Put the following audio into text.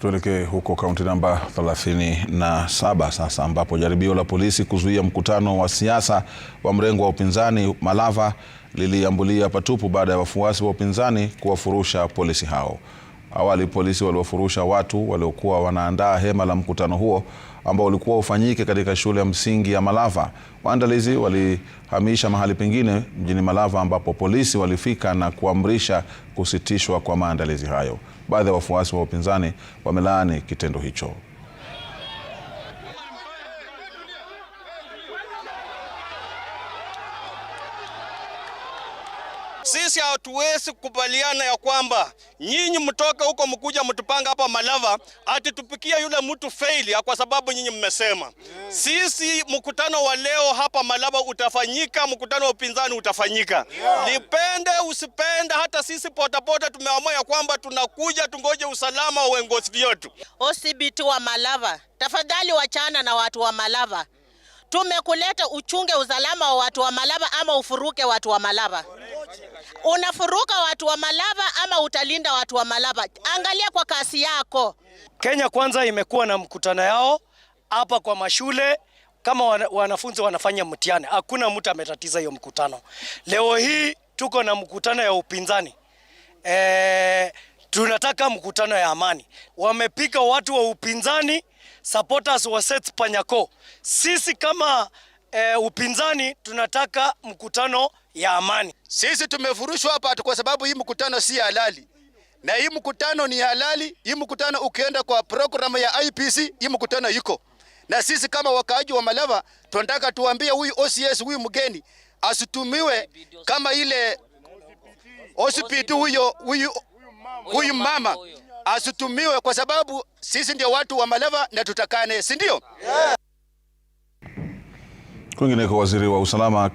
Tuelekee huko kaunti namba 37 sasa ambapo jaribio la polisi kuzuia mkutano wa siasa wa mrengo wa upinzani Malava liliambulia patupu baada ya wafuasi wa upinzani kuwafurusha polisi hao. Awali polisi waliwafurusha watu waliokuwa wanaandaa hema la mkutano huo ambao ulikuwa ufanyike katika shule ya msingi ya Malava. Waandalizi walihamisha mahali pengine mjini Malava ambapo polisi walifika na kuamrisha kusitishwa kwa maandalizi hayo baadhi ya wafuasi wa upinzani wamelaani kitendo hicho. Sisi hatuwezi kukubaliana ya kwamba nyinyi mtoke huko mkuja mtupanga hapa Malava ati tupikia yule mtu faili kwa sababu nyinyi mmesema. Sisi mkutano wa leo hapa Malava utafanyika, mkutano wa upinzani utafanyika, lipende usipende. Hata sisi potapota tumeamua ya kwamba tunakuja, tungoje usalama wa wengozi vyetu. osibiti wa Malava, tafadhali wachana na watu wa Malava. Tumekuleta uchunge usalama wa watu wa Malava ama ufuruke watu wa Malava unafuruka watu wa Malava ama utalinda watu wa Malava? Angalia kwa kasi yako. Kenya Kwanza imekuwa na mkutano yao hapa kwa mashule kama wanafunzi wanafanya mtihani, hakuna mtu ametatiza hiyo mkutano. Leo hii tuko na mkutano ya upinzani e, tunataka mkutano ya amani. Wamepika watu wa upinzani supporters wa Seth Panyako. Sisi kama e, upinzani tunataka mkutano ya amani. Sisi tumefurushwa hapa kwa sababu hii mkutano si halali, na hii mkutano ni halali. Hii mkutano ukienda kwa programu ya IPC hii mkutano iko na sisi kama wakaaji wa Malava tunataka tuambie huyu OCS huyu mgeni asitumiwe kama ile OCPD huyo huyu huyu mama asitumiwe, kwa sababu sisi ndio watu wa Malava na tutakane, si ndio? Yeah. Kwingineko, waziri wa usalama